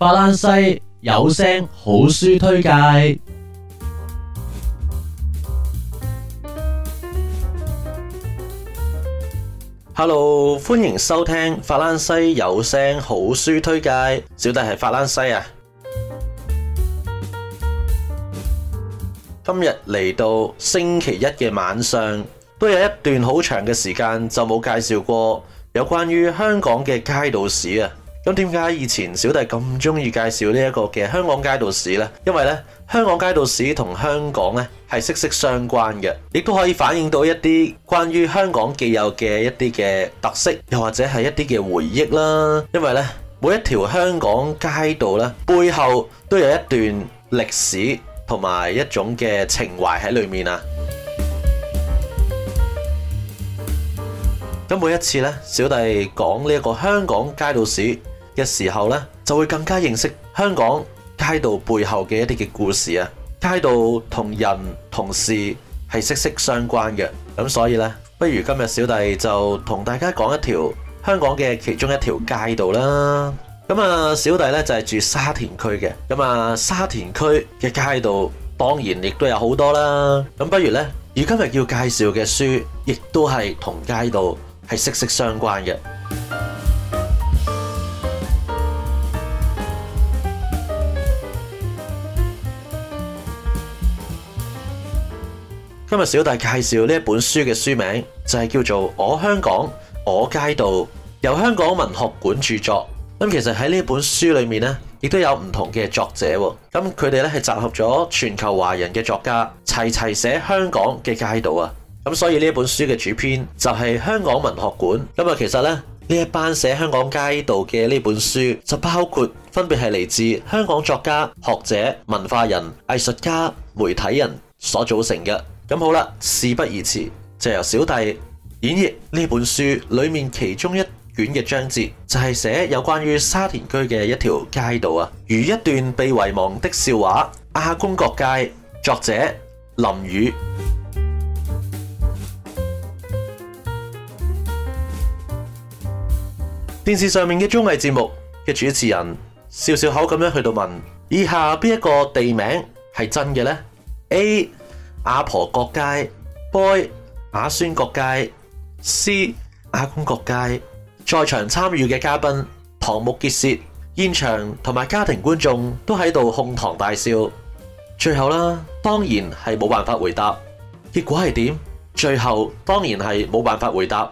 法蘭西有聲好書推介，Hello，歡迎收聽法蘭西有聲好書推介。小弟係法蘭西啊，今日嚟到星期一嘅晚上，都有一段好長嘅時間就冇介紹過有關於香港嘅街道史啊。咁點解以前小弟咁中意介紹呢一個嘅香港街道史呢？因為呢，香港街道史同香港呢係息息相關嘅，亦都可以反映到一啲關於香港既有嘅一啲嘅特色，又或者係一啲嘅回憶啦。因為呢，每一條香港街道呢，背後都有一段歷史同埋一種嘅情懷喺裏面啊。咁每一次呢，小弟講呢個香港街道史嘅時候呢，就會更加認識香港街道背後嘅一啲嘅故事啊！街道同人同事係息息相關嘅，咁所以呢，不如今日小弟就同大家講一條香港嘅其中一條街道啦。咁啊，小弟呢就係住沙田區嘅，咁啊沙田區嘅街道當然亦都有好多啦。咁不如呢，而今日要介紹嘅書，亦都係同街道係息息相關嘅。今日小弟介紹呢一本書嘅書名就係叫做《我香港我街道》，由香港文學館著作。咁其實喺呢本書裏面呢，亦都有唔同嘅作者喎。咁佢哋呢，係集合咗全球華人嘅作家齊齊寫香港嘅街道啊。咁所以呢一本書嘅主編就係香港文學館。咁啊，其實呢，呢一班寫香港街道嘅呢本書就包括分別係嚟自香港作家、學者、文化人、藝術家、媒體人所組成嘅。咁好啦，事不宜遲，就由小弟演繹呢本書裏面其中一卷嘅章節，就係寫有關於沙田區嘅一條街道啊，如一段被遺忘的笑話——亞公角街。作者：林宇。電視上面嘅綜藝節目嘅主持人笑笑口咁樣去到問：以下邊一個地名係真嘅呢？」A 阿婆角街，boy 阿孫角街，c 阿公角街。在場參與嘅嘉賓瞠目結舌，現場同埋家庭觀眾都喺度哄堂大笑。最後啦，當然係冇辦法回答，結果係點？最後當然係冇辦法回答。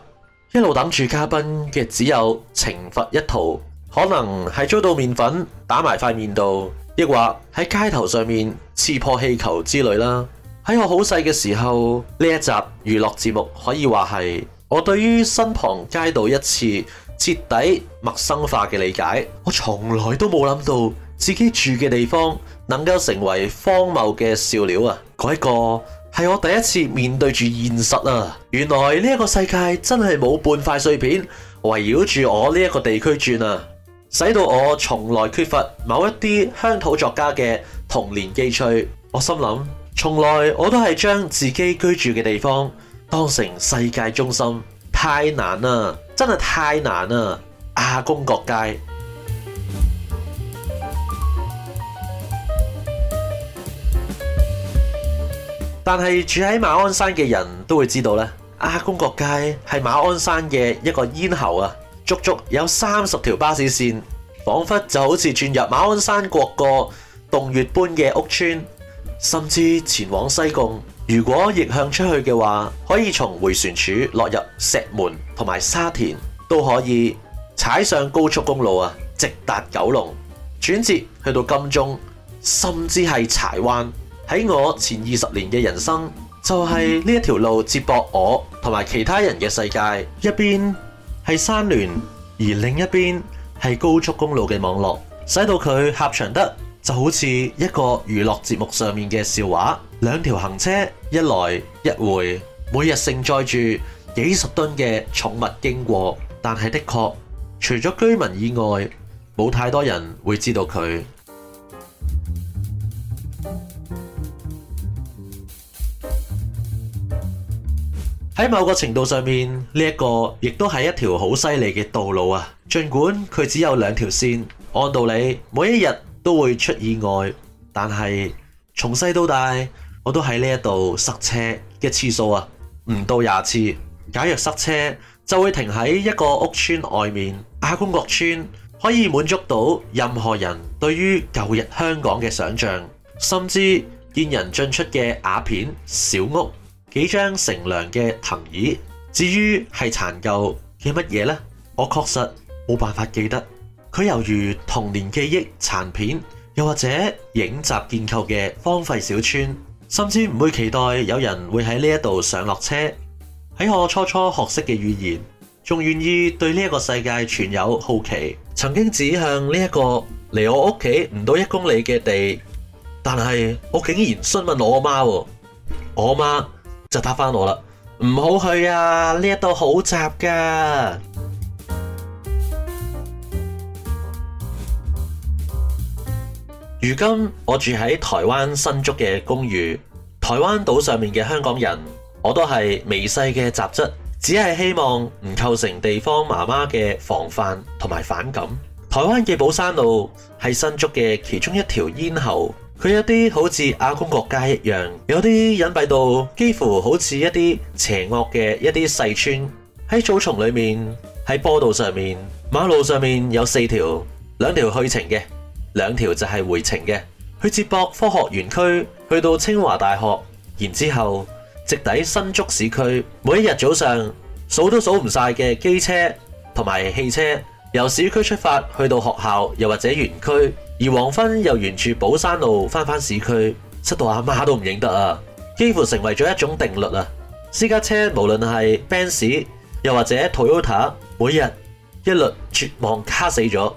一路等住嘉賓嘅只有懲罰一途，可能係遭到麵粉打埋塊面度，亦或喺街頭上面刺破氣球之類啦。喺我好細嘅時候，呢一集娛樂節目可以話係我對於身旁街道一次徹底陌生化嘅理解。我從來都冇諗到自己住嘅地方能夠成為荒謬嘅笑料啊！嗰一個係我第一次面對住現實啊！原來呢一個世界真係冇半塊碎片圍繞住我呢一個地區轉啊！使到我從來缺乏某一啲鄉土作家嘅童年記趣。我心諗。從來我都係將自己居住嘅地方當成世界中心，太難啦！真係太難啦！阿公角街，但係住喺馬鞍山嘅人都會知道，呢阿公角街係馬鞍山嘅一個咽喉啊，足足有三十條巴士線，仿佛就好似轉入馬鞍山國各個洞穴般嘅屋村。甚至前往西貢，如果逆向出去嘅話，可以從回旋處落入石門同埋沙田，都可以踩上高速公路啊，直達九龍，轉接去到金鐘，甚至係柴灣。喺我前二十年嘅人生，就係呢一條路接駁我同埋其他人嘅世界，一邊係山巒，而另一邊係高速公路嘅網絡，使到佢狹長得。就好似一個娛樂節目上面嘅笑話，兩條行車一來一回，每日盛載住幾十噸嘅寵物經過，但係的確除咗居民以外，冇太多人會知道佢。喺某個程度上面，呢一個亦都係一條好犀利嘅道路啊。盡管佢只有兩條線，按道理每一日。都會出意外，但係從細到大，我都喺呢一度塞車嘅次數啊，唔到廿次。假如塞車，就會停喺一個屋村外面，阿公角村可以滿足到任何人對於舊日香港嘅想像，甚至見人進出嘅瓦片小屋、幾張乘涼嘅藤椅。至於係殘舊嘅乜嘢呢？我確實冇辦法記得。佢猶如童年記憶殘片，又或者影集建構嘅荒廢小村，甚至唔會期待有人會喺呢一度上落車。喺我初初學識嘅語言，仲願意對呢一個世界存有好奇，曾經指向呢一個離我屋企唔到一公里嘅地，但係我竟然詢問我媽，我媽就答翻我啦，唔好去啊！呢一度好雜噶。如今我住喺台灣新竹嘅公寓，台灣島上面嘅香港人，我都係微細嘅雜質，只係希望唔構成地方媽媽嘅防範同埋反感。台灣嘅寶山路係新竹嘅其中一條咽喉，佢有啲好似亞公角街一樣，有啲隱蔽到幾乎好似一啲邪惡嘅一啲細村。喺草叢裏面，喺波道上面，馬路上面有四條，兩條去程嘅，兩條就係回程嘅，去接駁科學園區，去到清華大學，然之後直抵新竹市區。每一日早上數都數唔晒嘅機車同埋汽車，由市區出發去到學校又或者園區，而黃昏又沿住寶山路翻返市區，塞到阿媽都唔認得啊！幾乎成為咗一種定律啊！私家車無論係 Benz 又或者 Toyota，每日一律絕望卡死咗，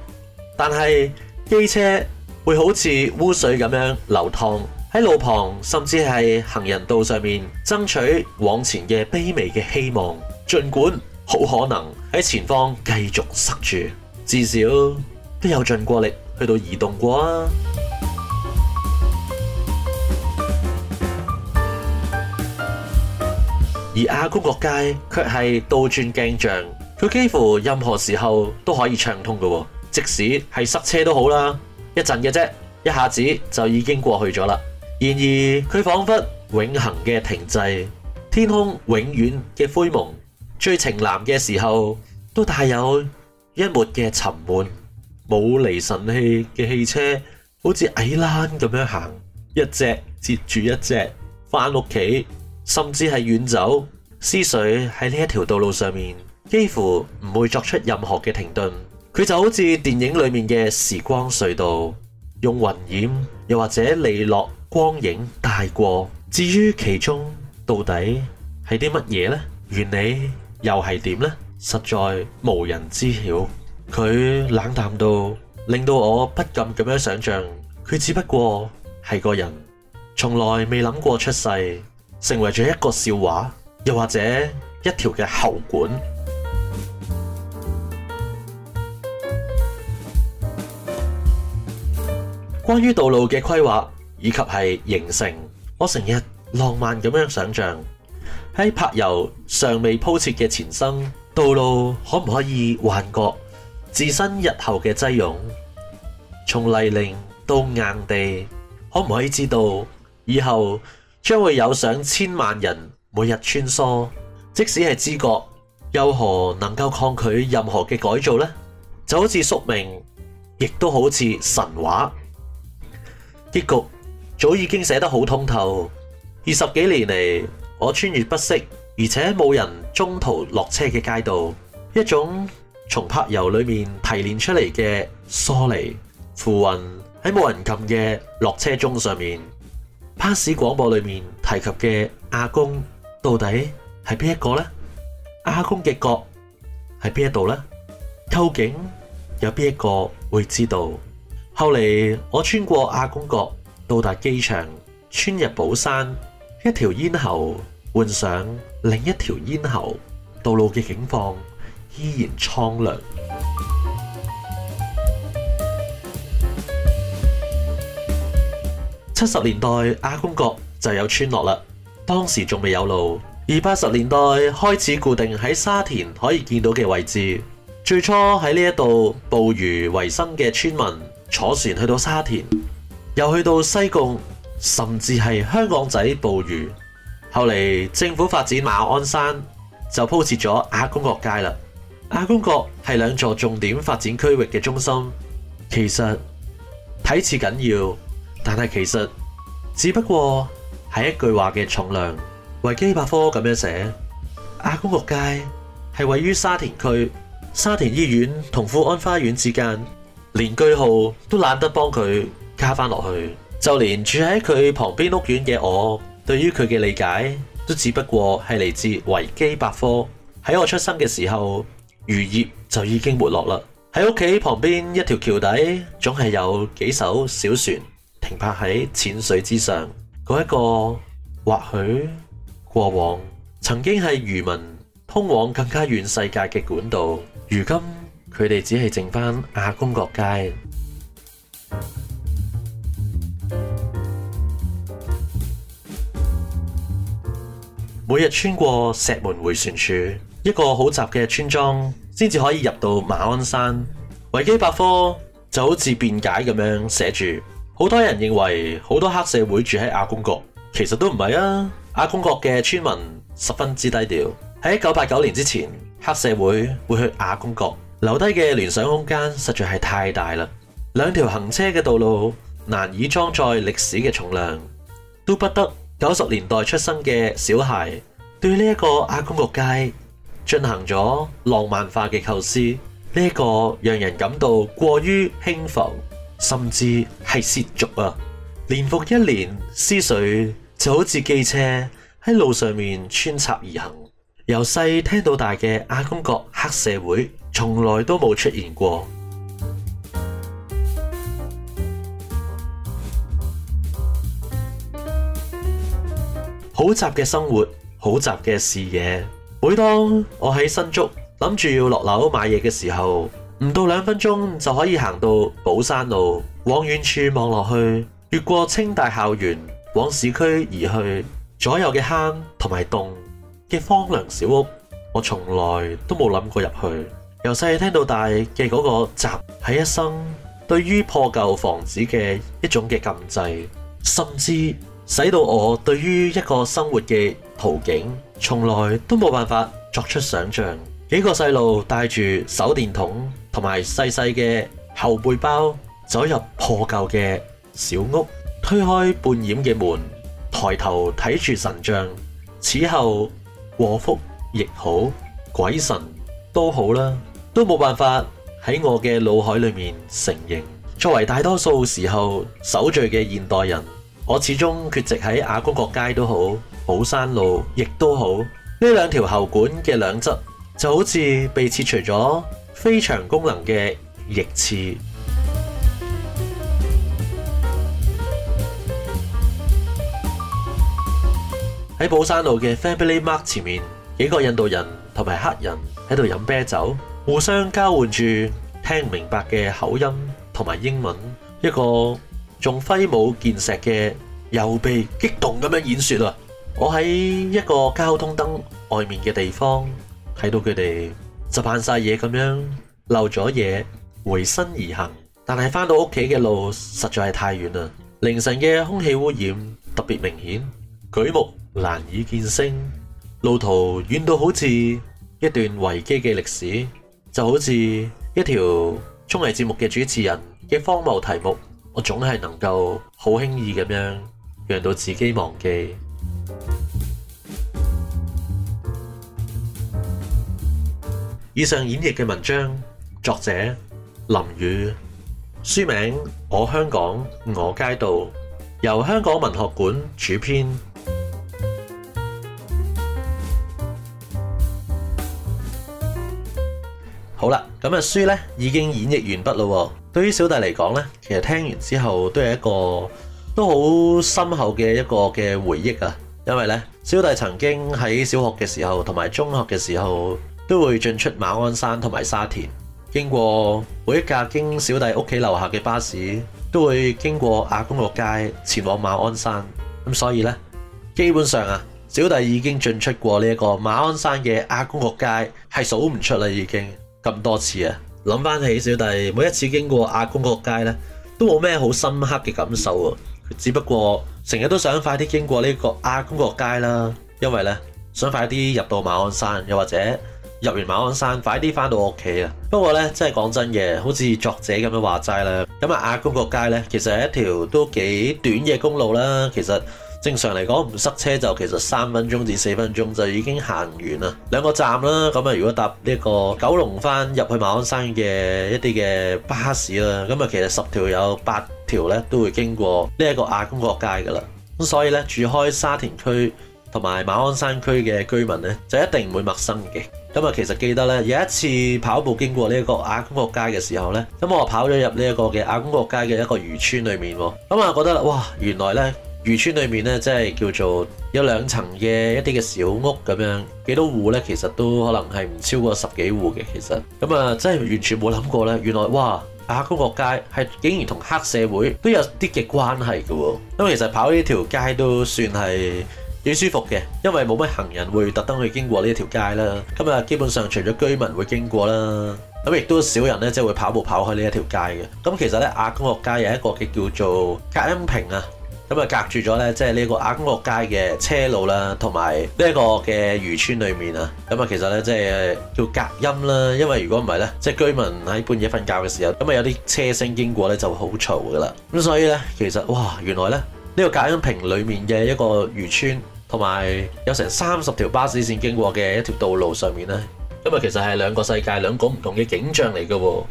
但係。機車會好似污水咁樣流淌喺路旁，甚至係行人道上面，爭取往前嘅卑微嘅希望。盡管好可能喺前方繼續塞住，至少都有盡過力去到移動過、啊、而亞公角街卻係倒轉鏡像，佢幾乎任何時候都可以暢通噶喎、哦。即使係塞車都好啦，一陣嘅啫，一下子就已經過去咗啦。然而佢彷彿永恒嘅停滯，天空永遠嘅灰蒙，最晴藍嘅時候都帶有一抹嘅沉悶。冇離神器嘅汽車，好似矮欄咁樣行，一隻接住一隻翻屋企，甚至係遠走。思緒喺呢一條道路上面，幾乎唔會作出任何嘅停頓。佢就好似電影裏面嘅時光隧道，用暈染又或者利落光影帶過。至於其中到底係啲乜嘢呢？原理又係點呢？實在無人知曉。佢冷淡到令到我不禁咁樣想象，佢只不過係個人，從來未諗過出世，成為咗一個笑話，又或者一條嘅喉管。關於道路嘅規劃以及係形成，我成日浪漫咁樣想象喺柏油尚未鋪設嘅前生，道路可唔可以幻覺自身日後嘅擠擁？從泥濘到硬地，可唔可以知道以後將會有上千萬人每日穿梭？即使係知覺，又何能夠抗拒任何嘅改造呢？就好似宿命，亦都好似神話。結局早已經寫得好通透，二十幾年嚟，我穿越不息，而且冇人中途落車嘅街道，一種從柏油裏面提煉出嚟嘅疏離浮雲喺冇人撳嘅落車鐘上面，巴士廣播裏面提及嘅亞公到底係邊一個呢？亞公嘅角係邊一度呢？究竟有邊一個會知道？後來我穿過亞公角到達機場，穿入寶山一條咽喉，換上另一條咽喉道路嘅境況依然蒼涼。七十年代亞公角就有村落啦，當時仲未有路，而八十年代開始固定喺沙田可以見到嘅位置。最初喺呢一度捕魚為生嘅村民。坐船去到沙田，又去到西貢，甚至係香港仔捕魚。後嚟政府發展馬鞍山，就鋪設咗亞公角街啦。亞公角係兩座重點發展區域嘅中心。其實睇似緊要，但係其實只不過係一句話嘅重量。維基百科咁樣寫：亞公角街係位於沙田區沙田醫院同富安花園之間。連句號都懶得幫佢加翻落去，就連住喺佢旁邊屋苑嘅我，對於佢嘅理解都只不過係嚟自維基百科。喺我出生嘅時候，漁業就已經沒落啦。喺屋企旁邊一條橋底，總係有幾艘小船停泊喺淺水之上。嗰一個，或許過往曾經係漁民通往更加遠世界嘅管道，如今。佢哋只係剩翻亞公角街。每日穿過石門迴旋處，一個好雜嘅村莊，先至可以入到馬鞍山。維基百科就好似辯解咁樣寫住，好多人認為好多黑社會住喺亞公角，其實都唔係啊。亞公角嘅村民十分之低調。喺一九八九年之前，黑社會會去亞公角。留低嘅聯想空間實在是太大了，兩條行車嘅道路難以裝載歷史嘅重量，都不得九十年代出生嘅小孩對呢個亞公角街進行咗浪漫化嘅構思，呢、這個讓人感到過於輕浮，甚至是褻瀆啊！年復一年，思緒就好似機車喺路上面穿插而行，由細聽到大嘅亞公角黑社會。從來都冇出現過。好雜嘅生活，好雜嘅視野。每當我喺新竹諗住要落樓買嘢嘅時候，唔到兩分鐘就可以行到寶山路，往遠處望落去，越過清大校園，往市區而去。左右嘅坑同埋洞嘅荒涼小屋，我從來都冇諗過入去。由細聽到大嘅嗰個集喺一生，對於破舊房子嘅一種嘅禁制，甚至使到我對於一個生活嘅途徑，從來都冇辦法作出想象。幾個細路帶住手電筒同埋細細嘅後背包走入破舊嘅小屋，推開半掩嘅門，抬頭睇住神像，此後禍福亦好，鬼神都好啦。都冇辦法喺我嘅腦海裏面承認。作為大多數時候守序嘅現代人，我始終缺席喺亞公角街都好，寶山路亦都好，呢兩條喉管嘅兩側就好似被切除咗非常功能嘅翼翅。喺寶山路嘅 Family Mart 前面，幾個印度人同埋黑人喺度飲啤酒。互相交換住聽唔明白嘅口音同埋英文，一個用揮舞劍石嘅右臂激動咁樣演說啊！我喺一個交通燈外面嘅地方睇到佢哋執扮晒嘢咁樣漏咗嘢回身而行，但係翻到屋企嘅路實在係太遠啦。凌晨嘅空氣污染特別明顯，舉目難以見星，路途遠到好似一段維基嘅歷史。就好似一條綜藝節目嘅主持人嘅荒謬題目，我總係能夠好輕易咁樣讓到自己忘記。以上演繹嘅文章作者林宇，書名《我香港我街道》，由香港文學館主編。好啦，咁嘅書呢，已經演繹完畢咯。對於小弟嚟講呢，其實聽完之後都係一個都好深厚嘅一個嘅回憶啊。因為呢，小弟曾經喺小學嘅時候同埋中學嘅時候都會進出馬鞍山同埋沙田，經過每一架經小弟屋企樓下嘅巴士都會經過亞公角街前往馬鞍山咁，所以呢，基本上啊，小弟已經進出過呢一個馬鞍山嘅亞公角街係數唔出啦，已經。咁多次啊！諗翻起小弟每一次經過亞公角街呢，都冇咩好深刻嘅感受喎。只不過成日都想快啲經過呢個亞公角街啦，因為呢，想快啲入到馬鞍山，又或者入完馬鞍山，快啲翻到屋企啊！不過呢，真係講真嘅，好似作者咁樣話齋啦。咁啊，亞公角街呢，其實係一條都幾短嘅公路啦。其實。正常嚟講唔塞車就其實三分鐘至四分鐘就已經行完啦，兩個站啦。咁啊，如果搭呢一個九龍翻入去馬鞍山嘅一啲嘅巴士啦，咁啊，其實十條有八條咧都會經過呢一個亞公角街噶啦。咁所以咧，住開沙田區同埋馬鞍山區嘅居民咧就一定唔會陌生嘅。咁啊，其實記得咧，有一次跑步經過呢一個亞公角街嘅時候咧，咁我跑咗入呢一個嘅亞公角街嘅一個漁村裏面喎。咁啊，覺得啦，哇，原來咧漁村裏面咧，即係叫做有兩層嘅一啲嘅小屋咁樣，幾多戶咧，其實都可能係唔超過十幾戶嘅。其實，咁、嗯、啊，真係完全冇諗過咧，原來哇，亞公角街係竟然同黑社會都有啲嘅關係嘅喎。因為其實跑呢條街都算係。幾舒服嘅，因為冇乜行人會特登去經過呢一條街啦。咁啊，基本上除咗居民會經過啦，咁亦都少人咧，即係會跑步跑去呢一條街嘅。咁其實咧，亞公角街有一個嘅叫做隔音屏啊，咁啊隔住咗咧，即係呢個亞公角街嘅車路啦，同埋呢一個嘅漁村裏面啊。咁啊，其實咧即係叫隔音啦，因為如果唔係咧，即係居民喺半夜瞓覺嘅時候，咁啊有啲車聲經過咧就好嘈噶啦。咁所以咧，其實哇，原來咧～呢個隔音屏裏面嘅一個漁村，同埋有成三十條巴士線經過嘅一條道路上面咧，咁啊其實係兩個世界、兩個唔同嘅景象嚟嘅喎。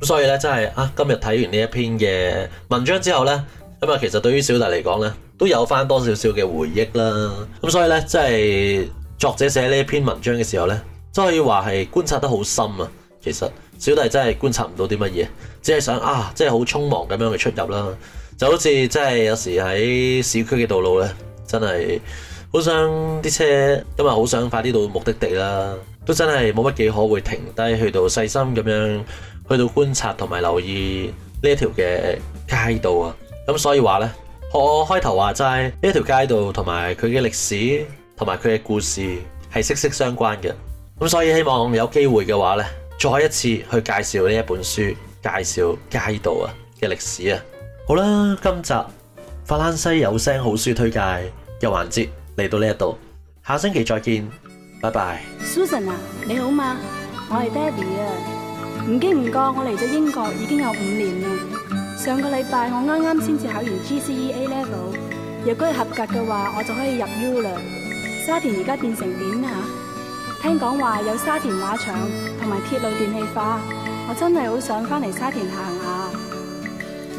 咁所以咧，真係啊，今日睇完呢一篇嘅文章之後咧，咁啊其實對於小弟嚟講咧，都有翻多少少嘅回憶啦。咁所以咧，真係作者寫呢一篇文章嘅時候咧，真可以話係觀察得好深啊。其實小弟真係觀察唔到啲乜嘢，只係想啊，即係好匆忙咁樣去出入啦。就好似真係有時喺市區嘅道路咧，真係好想啲車今日好想快啲到目的地啦。都真係冇乜幾可會停低去到細心咁樣去到觀察同埋留意呢一條嘅街道啊。咁所以話咧，我開頭話齋呢一條街道同埋佢嘅歷史同埋佢嘅故事係息息相關嘅。咁所以希望有機會嘅話咧，再一次去介紹呢一本書，介紹街道啊嘅歷史啊。好啦，今集法蘭西有聲好書推介嘅環節嚟到呢一度，下星期再見，拜拜。Susan 啊，你好嗎？我係 daddy 啊，唔經唔覺我嚟咗英國已經有五年啦。上個禮拜我啱啱先至考完 GCE A Level，若果合格嘅話，我就可以入 U 啦。沙田而家變成點啊？聽講話有沙田馬場同埋鐵路電氣化，我真係好想翻嚟沙田行下。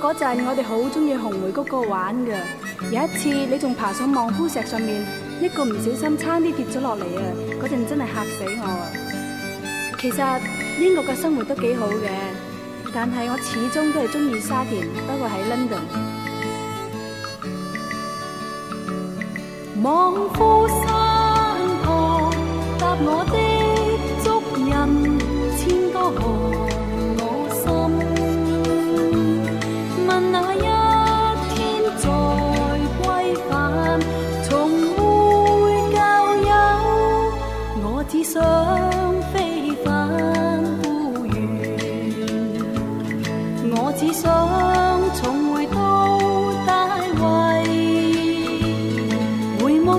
嗰陣我哋好中意紅梅谷嗰個玩嘅，有一次你仲爬上望夫石上面，一個唔小心差啲跌咗落嚟啊！嗰陣真係嚇死我啊！其實英國嘅生活都幾好嘅，但係我始終都係中意沙田，不過喺 London。望夫山河，踏我的足印千多行。